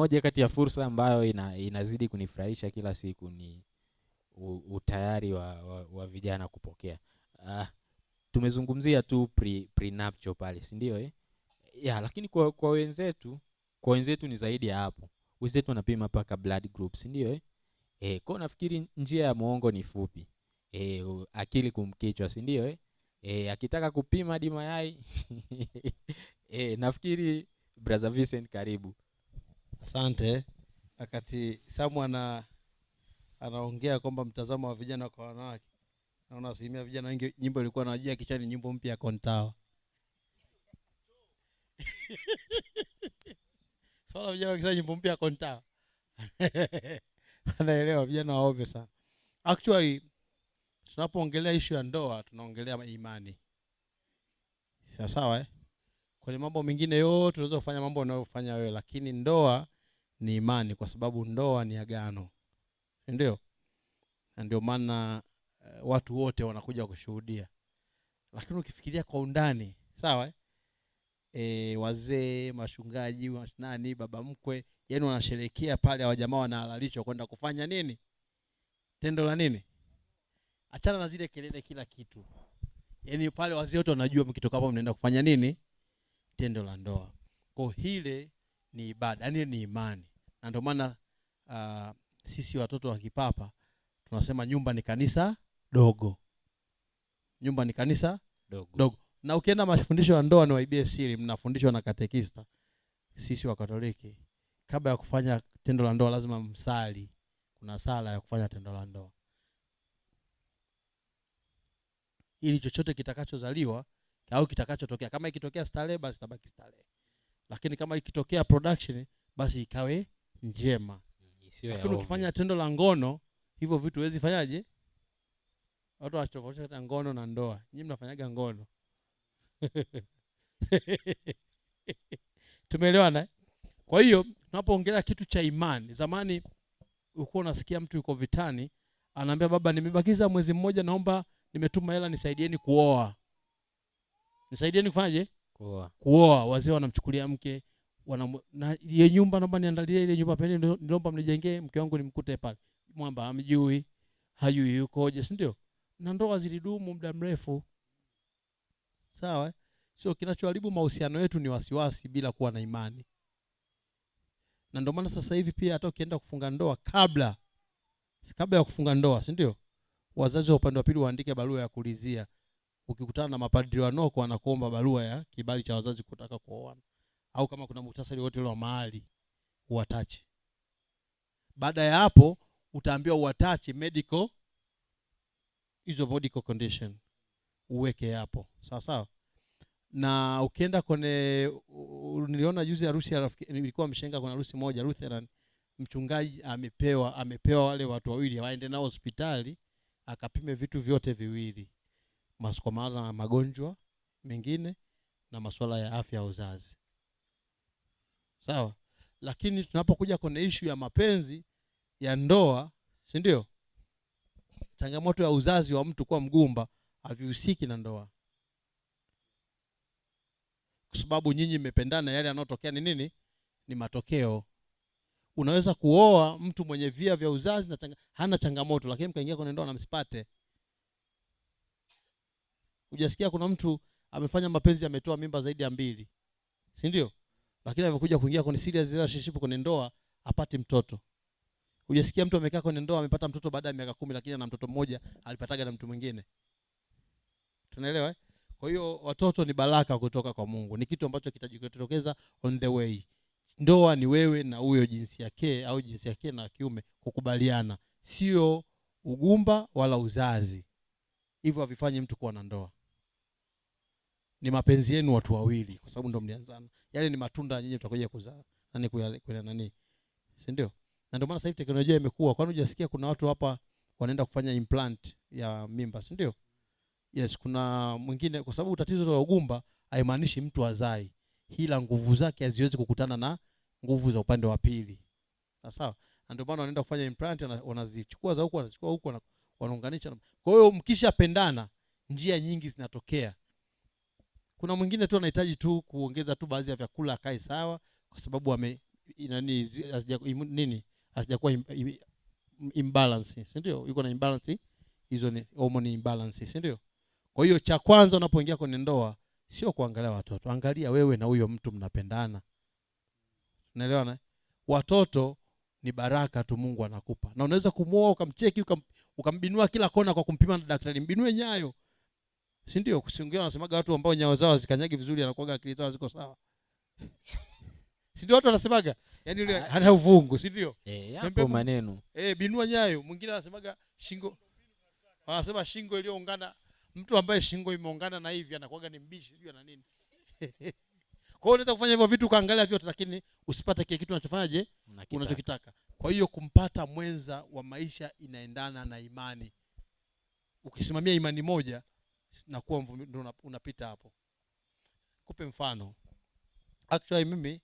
moja kati ya fursa ambayo ina, inazidi kunifurahisha kila siku ni utayari wa, wa, wa vijana kupokea uh, tumezungumzia tu pre, prenuptial pale si ndio eh? ya lakini kwa, kwa wenzetu kwa wenzetu ni zaidi ya hapo wenzetu wanapima paka blood group si ndio eh? eh, kwa nafikiri njia ya muongo ni fupi eh, akili kumkichwa si ndio eh? eh, akitaka kupima hadi mayai eh, nafikiri brother Vincent karibu Asante. Wakati Samu ana anaongea kwamba mtazamo wa vijana kwa wanawake, naona asilimia vijana wengi nyimbo ilikuwa najua kichwani, nyimbo mpya ya Kontawa swala vijana wakisema nyimbo mpya ya Kontawa anaelewa. Vijana waovyo sana. Actually, tunapoongelea ishu ya ndoa tunaongelea imani, sawa eh? Kwenye mambo mengine yote unaweza kufanya mambo unayofanya wewe, lakini ndoa ni imani, kwa sababu ndoa ni agano, ndio na ndio maana uh, watu wote wanakuja kushuhudia. Lakini ukifikiria kwa undani sawa E, wazee, mashungaji, nani, baba mkwe, yani wanasherekea pale, hawa jamaa wanahalalishwa kwenda kufanya nini? Tendo la nini? Achana na zile kelele, kila kitu, yani pale wazee wote wanajua mkitoka hapo mnaenda kufanya nini? tendo la ndoa. Kwa hile ni ibada, yani ni imani, na ndio maana uh, sisi watoto wa kipapa tunasema nyumba ni kanisa dogo, nyumba ni kanisa dogo, dogo. Na ukienda mafundisho ya ndoa ni waibie siri, mnafundishwa na katekista. Sisi wa Katoliki kabla ya kufanya tendo la ndoa lazima msali, kuna sala ya kufanya tendo la ndoa ili chochote kitakachozaliwa au kitakachotokea. Kama ikitokea starehe, basi tabaki starehe, lakini kama ikitokea production, basi ikawe njema, Sio ya lakini ukifanya tendo la ngono, hivyo vitu huwezi fanyaje? Watu wachokosha kati ya ngono na ndoa. Nyinyi mnafanyaga ngono tumeelewana. Eh? Kwa hiyo tunapoongelea kitu cha imani, zamani ulikuwa unasikia mtu yuko vitani, anaambia baba, nimebakiza mwezi mmoja, naomba nimetuma hela nisaidieni kuoa nisaidieni kufanyaje? Kuoa. Kuoa. Wazee wanamchukulia mke wana na ile nyumba naomba niandalie ile nyumba pale niomba mnijengee mke wangu nimkute pale. Mwamba amjui, hajui yukoje, si ndio? Na ndoa zilidumu muda mrefu. Sawa? So kinachoharibu mahusiano yetu ni wasiwasi bila kuwa na imani. Na ndio maana sasa hivi pia hata ukienda kufunga ndoa kabla kabla ya kufunga ndoa, si ndio? Wazazi wa upande wa pili waandike barua ya kulizia ukikutana na mapadri wanoko wanakuomba barua ya kibali cha wazazi kutaka kuoana, au kama kuna muhtasari wote ule wa mahali uwatache. Baada ya hapo utaambiwa uwatache medical hizo medical condition uweke hapo, sawa sawa. Na ukienda kwenye, niliona juzi harusi ya rafiki, nilikuwa mshenga kuna harusi moja Lutheran, mchungaji amepewa amepewa wale watu wawili waende nao hospitali akapime vitu vyote viwili masukamana na magonjwa mengine na masuala ya afya ya uzazi. Sawa, lakini tunapokuja kwenye ishu ya mapenzi ya ndoa, si ndio? Changamoto ya uzazi wa mtu kuwa mgumba havihusiki na ndoa, kwa sababu nyinyi mmependana. Yale yanayotokea ni nini? Ni matokeo. Unaweza kuoa mtu mwenye via vya uzazi na changa, hana changamoto, lakini mkaingia kwenye ndoa na msipate Hujasikia kuna mtu amefanya mapenzi ametoa mimba zaidi ya mbili, si ndio? Lakini amekuja kuingia kwenye serious relationship, kwenye ndoa apati mtoto. Hujasikia mtu amekaa kwenye ndoa amepata mtoto baada ya miaka kumi, lakini ana mtoto mmoja alipataga na mtu mwingine. Tunaelewa eh? Kwa hiyo watoto ni baraka kutoka kwa Mungu, ni kitu ambacho kitajitokeza on the way. Ndoa ni wewe na huyo jinsi yake au jinsi yake na kiume kukubaliana, sio ugumba wala uzazi. Hivyo havifanyi mtu kuwa na ndoa ni mapenzi yenu watu wawili, kwa sababu ndo mlianzana. Yale yaani ni matunda nyinyi mtakoja kuzaa nani kwa nani, si ndio? Na ndio maana sasa hivi teknolojia imekuwa, kwani hujasikia kuna watu hapa wanaenda kufanya implant ya mimba, si ndio? Yes, kuna mwingine, kwa sababu tatizo la ugumba haimaanishi mtu azai, ila nguvu zake haziwezi kukutana na nguvu za upande wa pili, sawa? Na ndio maana wanaenda kufanya implant, wanazichukua za huko, wanachukua huko, wanaunganisha. Kwa hiyo mkishapendana, njia nyingi zinatokea kuna mwingine tu anahitaji tu kuongeza tu baadhi ya vyakula akae sawa, kwa sababu ame nani nini asijakuwa im, im, imbalance, si ndio? Yuko na imbalance, hizo ni hormone imbalance, si ndio? Kwa hiyo cha kwanza unapoingia kwenye ndoa sio kuangalia watoto, angalia wewe na huyo mtu mnapendana, na Watoto ni baraka tu Mungu anakupa, na unaweza kumwoa ukamcheki ukam, ukambinua kila kona kwa kumpima na daktari, mbinue nyayo si ndio? Kusingiwa anasemaga watu ambao nyao zao zikanyagi vizuri, anakuaga akili zao ziko sawa si ndio? Watu anasemaga yani yule ah. hata uvungu, si ndio? Eh, yapo maneno eh, binua nyayo. Mwingine anasemaga shingo, anasema shingo iliyoungana. Mtu ambaye shingo imeungana na hivi anakuaga ni mbishi, sijui na nini Kwa hiyo unaweza kufanya hivyo vitu ukaangalia vyote, lakini usipate kile kitu unachofanyaje, unachokitaka. Kwa hiyo kumpata mwenza wa maisha inaendana na imani. Ukisimamia imani moja, nakuwa ndo unapita hapo. Kupe mfano, actually mimi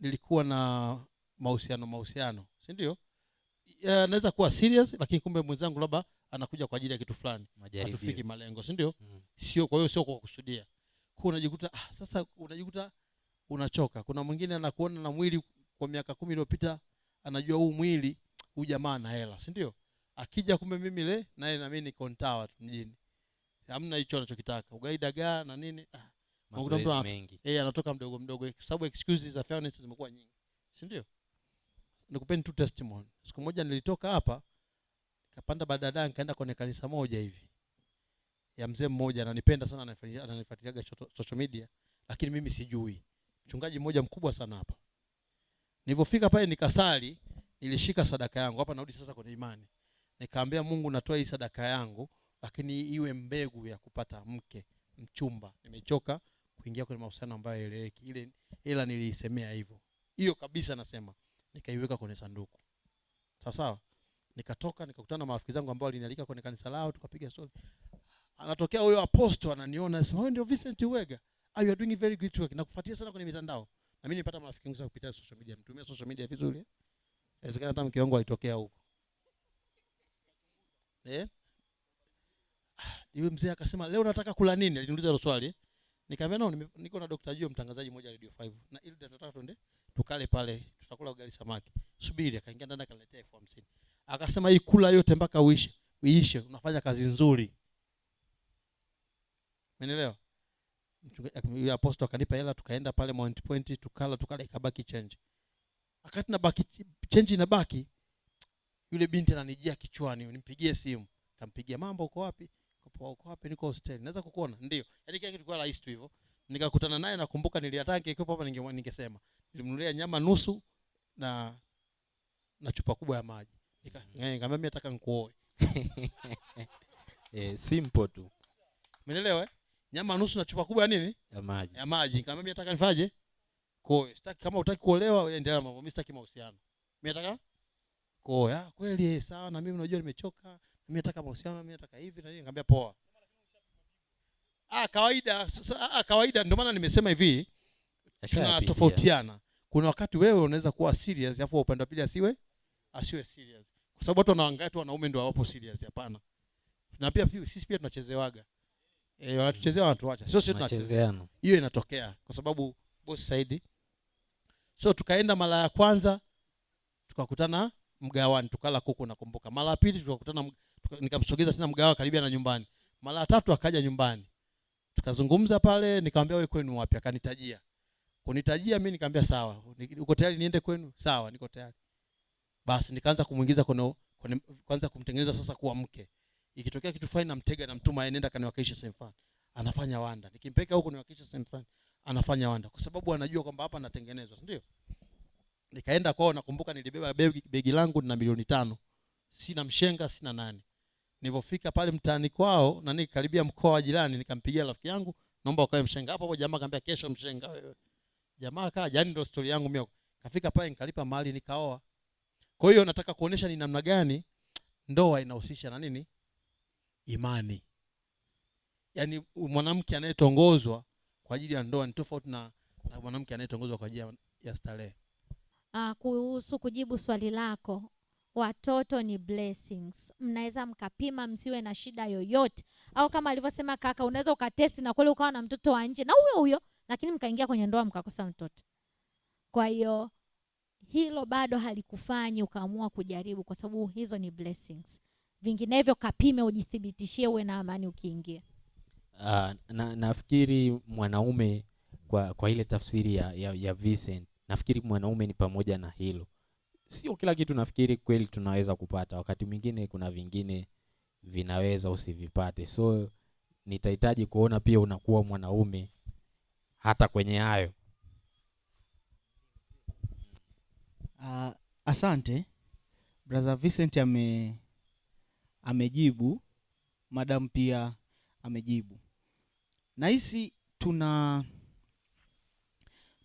nilikuwa na mahusiano mahusiano, si ndio? Naweza kuwa serious, lakini kumbe mwenzangu labda anakuja kwa ajili ya kitu fulani, hatufiki malengo, si ndio? mm. Sio kwa hiyo, sio kwa kusudia, kwa unajikuta ah, sasa unajikuta unachoka. Kuna mwingine anakuona na mwili kwa miaka kumi iliyopita, anajua huu mwili huu jamaa na hela, si ndio? Akija kumbe mimi le naye na mimi ni kontawa tu mjini hamna hicho anachokitaka ugai dagaa na nini ah, eh, anatoka mdogo mdogo, kwa sababu excuses za fairness zimekuwa nyingi, si ndio? Nikupeni tu testimony. Siku moja nilitoka hapa nikapanda badada nikaenda kwenye kanisa moja hivi ya mzee mmoja ananipenda sana, ananifuatiliaga social media, lakini mimi sijui. Mchungaji mmoja mkubwa sana hapa. Nilipofika pale nikasali, nilishika sadaka yangu hapa, narudi sasa kwenye imani. Nikaambia Mungu, natoa hii sadaka yangu lakini iwe mbegu ya kupata mke mchumba. Nimechoka kuingia kwenye mahusiano ambayo haeleweki, ile ila niliisemea hivyo, hiyo kabisa nasema, nikaiweka kwenye sanduku sawa sawa. Nikatoka nikakutana na marafiki zangu ambao walinialika kwenye kanisa lao, tukapiga story. Anatokea huyo apostle ananiona, sema wewe ndio Vincent Wega, ah, you are doing very great work. Nakufuatia sana kwenye mitandao, na mimi nipata marafiki wangu kupitia social media. Mtumia social media vizuri, inawezekana hata mke wangu alitokea huko eh yule mzee akasema leo nataka kula nini? Aliniuliza hilo swali. Nikamwambia no, niko na daktari Jio mtangazaji mmoja Radio 5. Na ile nataka twende tukale pale, tutakula ugali samaki. Subiri, akaingia ndani akaniletea elfu hamsini. Akasema hii kula yote mpaka uishe. Uishe, unafanya kazi nzuri. Umeelewa? Yule apostle akanipa hela tukaenda pale Mount Point tukala tukala ikabaki change. Akati na baki change na baki yule binti ananijia kichwani, nimpigie simu. Kampigia, mambo uko wapi? hapo, uko wapi? Niko hostel. Naweza kukuona? Ndio. Yaani kile kitu kwa rahisi tu hivyo. Nikakutana naye nakumbuka niliataka ikiwa hapa ninge, ningesema. Nilimnunulia nyama nusu na na chupa kubwa ya maji. Nika mm-hmm. nikamwambia mimi nataka nikuoe. Eh, simple tu. Umeelewa eh? Nyama nusu na chupa kubwa ya nini? Ya maji. Ya maji. Kama mimi nataka nifaje? Kuoe. Sitaki kama utaki kuolewa wewe na mambo. Mimi sitaki mahusiano. Mimi nataka kuoa. Ah, kweli eh, sawa na mimi unajua nimechoka mimi nataka mahusiano, mimi nataka hivi na nini. Nikamwambia poa. Ah, kawaida sasa. Ah, ah kawaida. Ndio maana nimesema hivi tunatofautiana. Kuna wakati wewe unaweza kuwa serious alafu upande wa pili asiwe asiwe serious, kwa sababu watu wanaangalia tu wanaume ndio wapo serious. Hapana, na pia sisi pia tunachezewaga eh, wanatuchezea watu, acha sio sio, tunachezeana. Hiyo inatokea kwa sababu boss Said. So tukaenda mara ya kwanza tukakutana mgawani, tukala kuku, nakumbuka. Mara ya pili tukakutana nikamsogeza tena mgawa karibia na nyumbani. Mara tatu akaja nyumbani. Tukazungumza pale, nikamwambia wewe kwenu wapi? Akanitajia. Kunitajia mimi nikamwambia sawa. Uko tayari niende kwenu? Sawa, niko tayari. Basi nikaanza kumuingiza kwenye kwenye kwanza kumtengeneza sasa kuwa mke. Ikitokea kitu fulani namtega na mtuma aende kaniwakilishe sehemu fulani. Anafanya wanda. Nikimpeka huko niwakilishe Semfan, Anafanya wanda kwa sababu anajua kwamba hapa natengenezwa, si ndio? Nikaenda kwao, nakumbuka nilibeba begi, begi langu na milioni tano. Sina mshenga, sina nani. Nilipofika pale mtaani kwao na nikaribia mkoa wa jirani, nikampigia rafiki yangu, naomba ukae mshenga hapo hapo. Jamaa akaniambia kesho mshenga wewe. Jamaa kaja, jani, ndio story yangu mimi. Kafika pale nikalipa mali nikaoa. Kwa hiyo nataka kuonesha ni namna gani ndoa inahusisha na nini? Imani. Yaani mwanamke anayetongozwa kwa ajili ya ndoa ni tofauti na, na mwanamke anayetongozwa kwa ajili ya starehe. Ah, kuhusu kujibu swali lako watoto ni blessings. Mnaweza mkapima, msiwe na shida yoyote. Au kama alivyosema kaka, unaweza ukatesti na kweli ukawa na mtoto wa nje na huyo huyo, lakini mkaingia kwenye ndoa mkakosa mtoto. Kwa hiyo hilo bado halikufanyi ukaamua kujaribu, kwa sababu hizo ni blessings. Vinginevyo kapime, ujithibitishie, uwe na amani ukiingia. Uh, na nafikiri mwanaume kwa, kwa ile tafsiri ya, ya, ya Vincent nafikiri mwanaume ni pamoja na hilo sio kila kitu nafikiri kweli tunaweza kupata. Wakati mwingine kuna vingine vinaweza usivipate, so nitahitaji kuona pia unakuwa mwanaume hata kwenye hayo. Uh, asante brother Vincent ame amejibu, madam pia amejibu. Nahisi tuna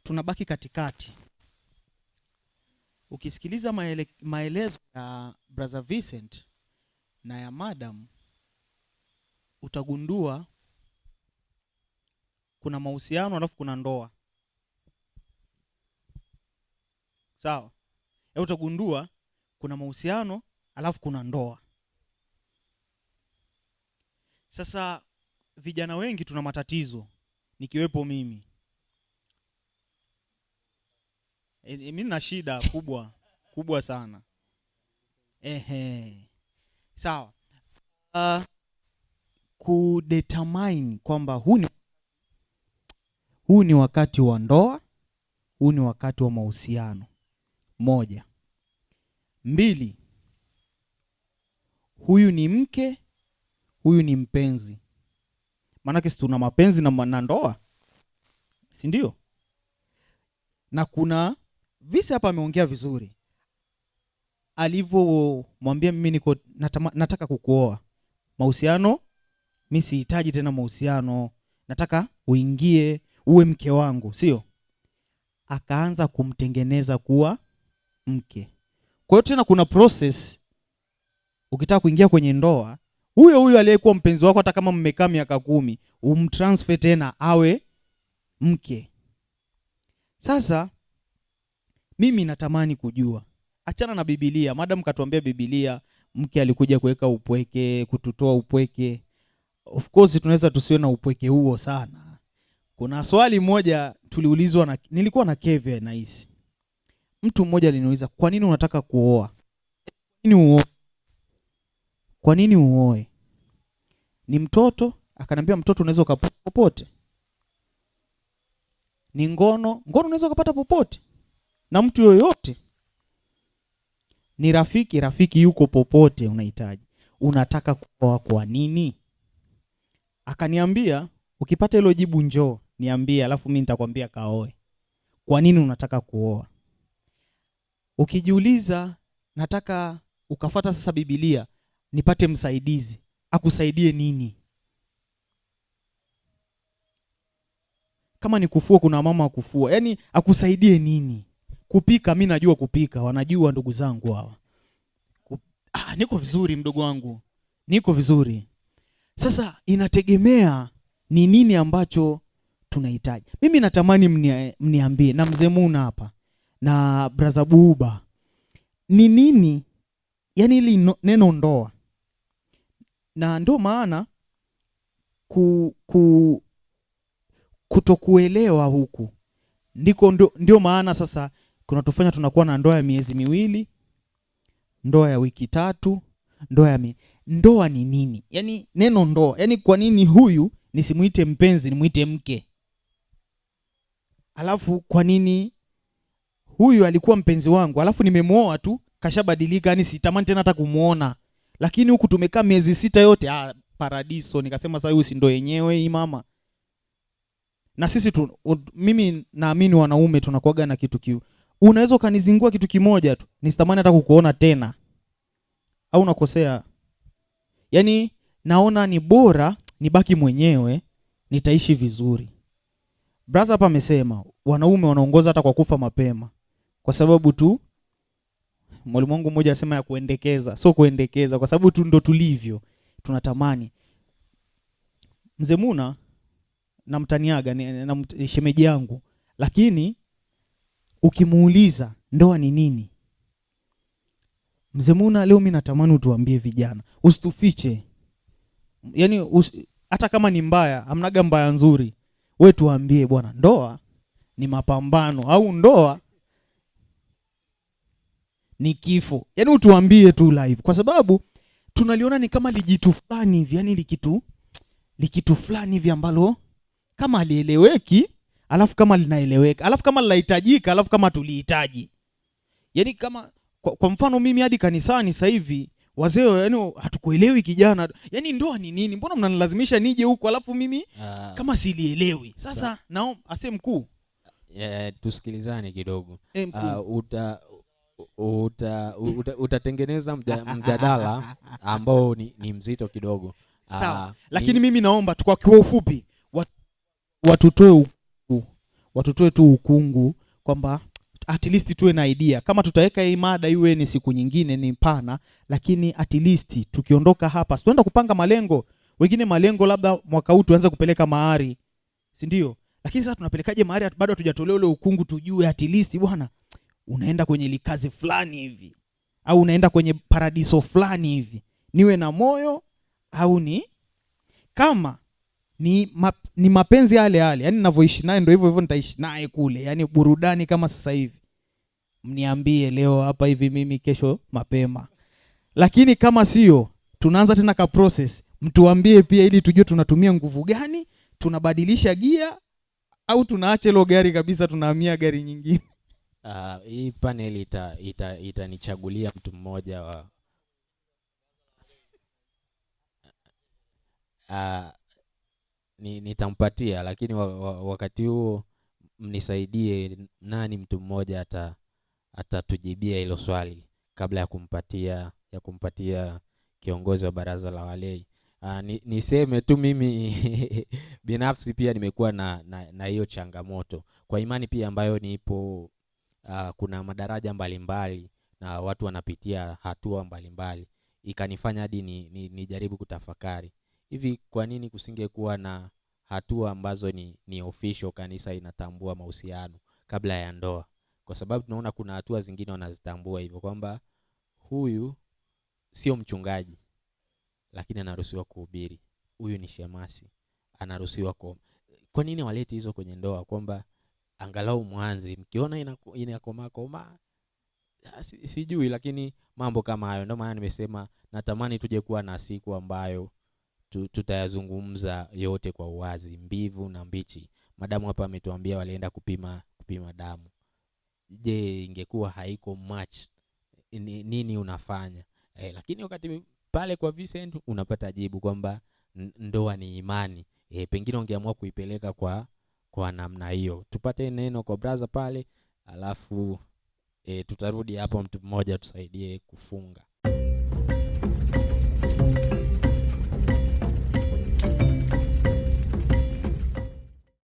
tunabaki katikati Ukisikiliza maele, maelezo ya Brother Vincent na ya madam utagundua kuna mahusiano alafu kuna ndoa sawa. E, utagundua kuna mahusiano alafu kuna ndoa. Sasa vijana wengi tuna matatizo, nikiwepo mimi E, mimi na shida kubwa kubwa sana. Ehe, sawa. Uh, kudetermine kwamba huu ni huu ni wakati wa ndoa, huu ni wakati wa mahusiano. Moja, mbili, huyu ni mke, huyu ni mpenzi. Maanake si tuna mapenzi na, na ndoa, si ndio? Na kuna Visi hapa ameongea vizuri alivyomwambia, mimi niko natama, nataka kukuoa mahusiano, mi sihitaji tena mahusiano, nataka uingie uwe mke wangu, sio? Akaanza kumtengeneza kuwa mke. Kwa hiyo tena kuna process ukitaka kuingia kwenye ndoa, huyo huyo aliyekuwa mpenzi wako, hata kama mmekaa miaka kumi, umtransfer tena awe mke. Sasa mimi natamani kujua, achana na Biblia. Madam katuambia Biblia mke alikuja kuweka upweke, kututoa upweke. Of course tunaweza tusiwe na upweke huo sana. Kuna swali moja tuliulizwa na nilikuwa na Kevin na hisi. Mtu mmoja aliniuliza, "Kwa nini unataka kuoa?" Nini uoe? Kwa nini uoe? Ni mtoto? akanambia mtoto unaweza ukapata popote. Ni ngono? Ngono unaweza ukapata popote na mtu yoyote ni rafiki. Rafiki yuko popote, unahitaji unataka kuoa kwa nini? Akaniambia, ukipata hilo jibu njoo niambie, alafu mimi nitakwambia kaoe. Kwa nini unataka kuoa? Ukijiuliza nataka ukafata sasa Biblia nipate msaidizi, akusaidie nini? Kama ni kufua, kuna mama akufua, yaani akusaidie nini? Kupika mi najua kupika, wanajua ndugu zangu hawa. Kup... Ah, niko vizuri mdogo wangu, niko vizuri. Sasa inategemea ni nini ambacho tunahitaji. Mimi natamani mniambie na mzee Muna hapa na braza Buuba, ni nini yani ili no, neno ndoa, na ndo maana ku, ku, kutokuelewa huku ndiko ndio maana sasa kunatufanya tunakuwa na ndoa ya miezi miwili, ndoa ya wiki tatu, ndoa ya mi... ndoa ni nini? Yaani neno ndoa, yaani kwa nini huyu nisimuite mpenzi nimuite mke? Alafu kwa nini huyu alikuwa mpenzi wangu, alafu nimemwoa tu kashabadilika, yani sitamani tena hata kumuona, lakini huku tumekaa miezi sita yote ah, paradiso. Nikasema sasa huyu si ndo yenyewe hii mama. Na sisi tu, mimi naamini wanaume tunakuaga na kitu kiu unaweza ukanizingua kitu kimoja tu nisitamani hata kukuona tena, au nakosea? Yani naona ni bora nibaki mwenyewe, nitaishi vizuri. Brother hapa amesema wanaume wanaongoza hata kwa kufa mapema, kwa sababu tu mwalimu wangu mmoja asema ya kuendekeza, sio kuendekeza, kwa sababu tu ndo tulivyo, tunatamani. Mzee Muna namtaniaga na shemeji yangu, lakini ukimuuliza ndoa ni nini, mzee Muna, leo mimi natamani utuambie vijana, usitufiche yaani us, hata kama ni mbaya, amnaga mbaya nzuri, we tuambie bwana, ndoa ni mapambano au ndoa ni kifo? Yaani utuambie tu live, kwa sababu tunaliona ni kama lijitu fulani hivi, yaani likitu likitu fulani hivi ambalo kama alieleweki alafu kama linaeleweka, alafu kama linahitajika, alafu kama tulihitaji. yani kama kwa, kwa mfano mimi hadi kanisani sasa hivi wazee yani hatukuelewi kijana. yani ndoa ni nini? Mbona mnanilazimisha nije huko alafu mimi uh, kama silielewi. Sasa nao ase mkuu. Yeah, eh, tusikilizane kidogo. E, uh, uta uta utatengeneza uta, uta mjadala ambao ni, ni mzito kidogo. Sawa. Ah, Lakini ni... mimi naomba tukwa kiwa ufupi watutoe watu watutoe tu ukungu kwamba at least tuwe na idea kama tutaweka hii mada iwe ni siku nyingine ni pana, lakini at least tukiondoka hapa tuenda kupanga malengo. Wengine malengo labda mwaka huu tuanze kupeleka mahari, si ndio? Lakini sasa tunapelekaje mahari bado hatujatolea ule ukungu, tujue at least bwana, unaenda kwenye likazi fulani hivi au unaenda kwenye paradiso fulani hivi, niwe na moyo au ni kama ni, ma, ni mapenzi yale yale, yani ninavyoishi naye ndio hivyo hivyo nitaishi naye kule, yani burudani kama sasa hivi. Mniambie leo hapa hivi mimi, kesho mapema. Lakini kama sio, tunaanza tena ka process, mtuambie pia, ili tujue tunatumia nguvu gani, tunabadilisha gia au tunaacha hilo gari kabisa, tunahamia gari nyingine. Uh, hii panel itanichagulia ita, ita mtu mmoja wa uh, nitampatia, lakini wakati huo mnisaidie, nani mtu mmoja atatujibia hilo swali kabla ya kumpatia ya kumpatia kiongozi wa baraza la walei. Aa, ah, ni, niseme tu mimi binafsi pia nimekuwa na na hiyo changamoto kwa imani pia ambayo nipo. Uh, kuna madaraja mbalimbali mbali, na watu wanapitia hatua mbalimbali mbali. Ikanifanya hadi nijaribu ni, ni kutafakari hivi, kwa nini kusingekuwa na hatua ambazo ni, ni official kanisa inatambua mahusiano kabla ya ndoa, kwa sababu tunaona kuna hatua zingine wanazitambua hivyo kwamba huyu sio mchungaji lakini anaruhusiwa kuhubiri, huyu ni shemasi anaruhusiwa ku. Kwa nini walete hizo kwenye ndoa, kwamba angalau mwanzi mkiona inakomaa koma koma ah, sijui, lakini mambo kama hayo. Ndio maana nimesema natamani tuje kuwa na siku ambayo tutayazungumza yote kwa uwazi, mbivu na mbichi. Madamu hapa ametuambia walienda kupima kupima damu. Je, ingekuwa haiko match nini unafanya eh? Lakini wakati pale kwa Vincent unapata jibu kwamba ndoa ni imani eh, pengine ungeamua kuipeleka kwa kwa namna hiyo. Tupate neno kwa brother pale, alafu eh, tutarudi hapo mtu mmoja tusaidie kufunga.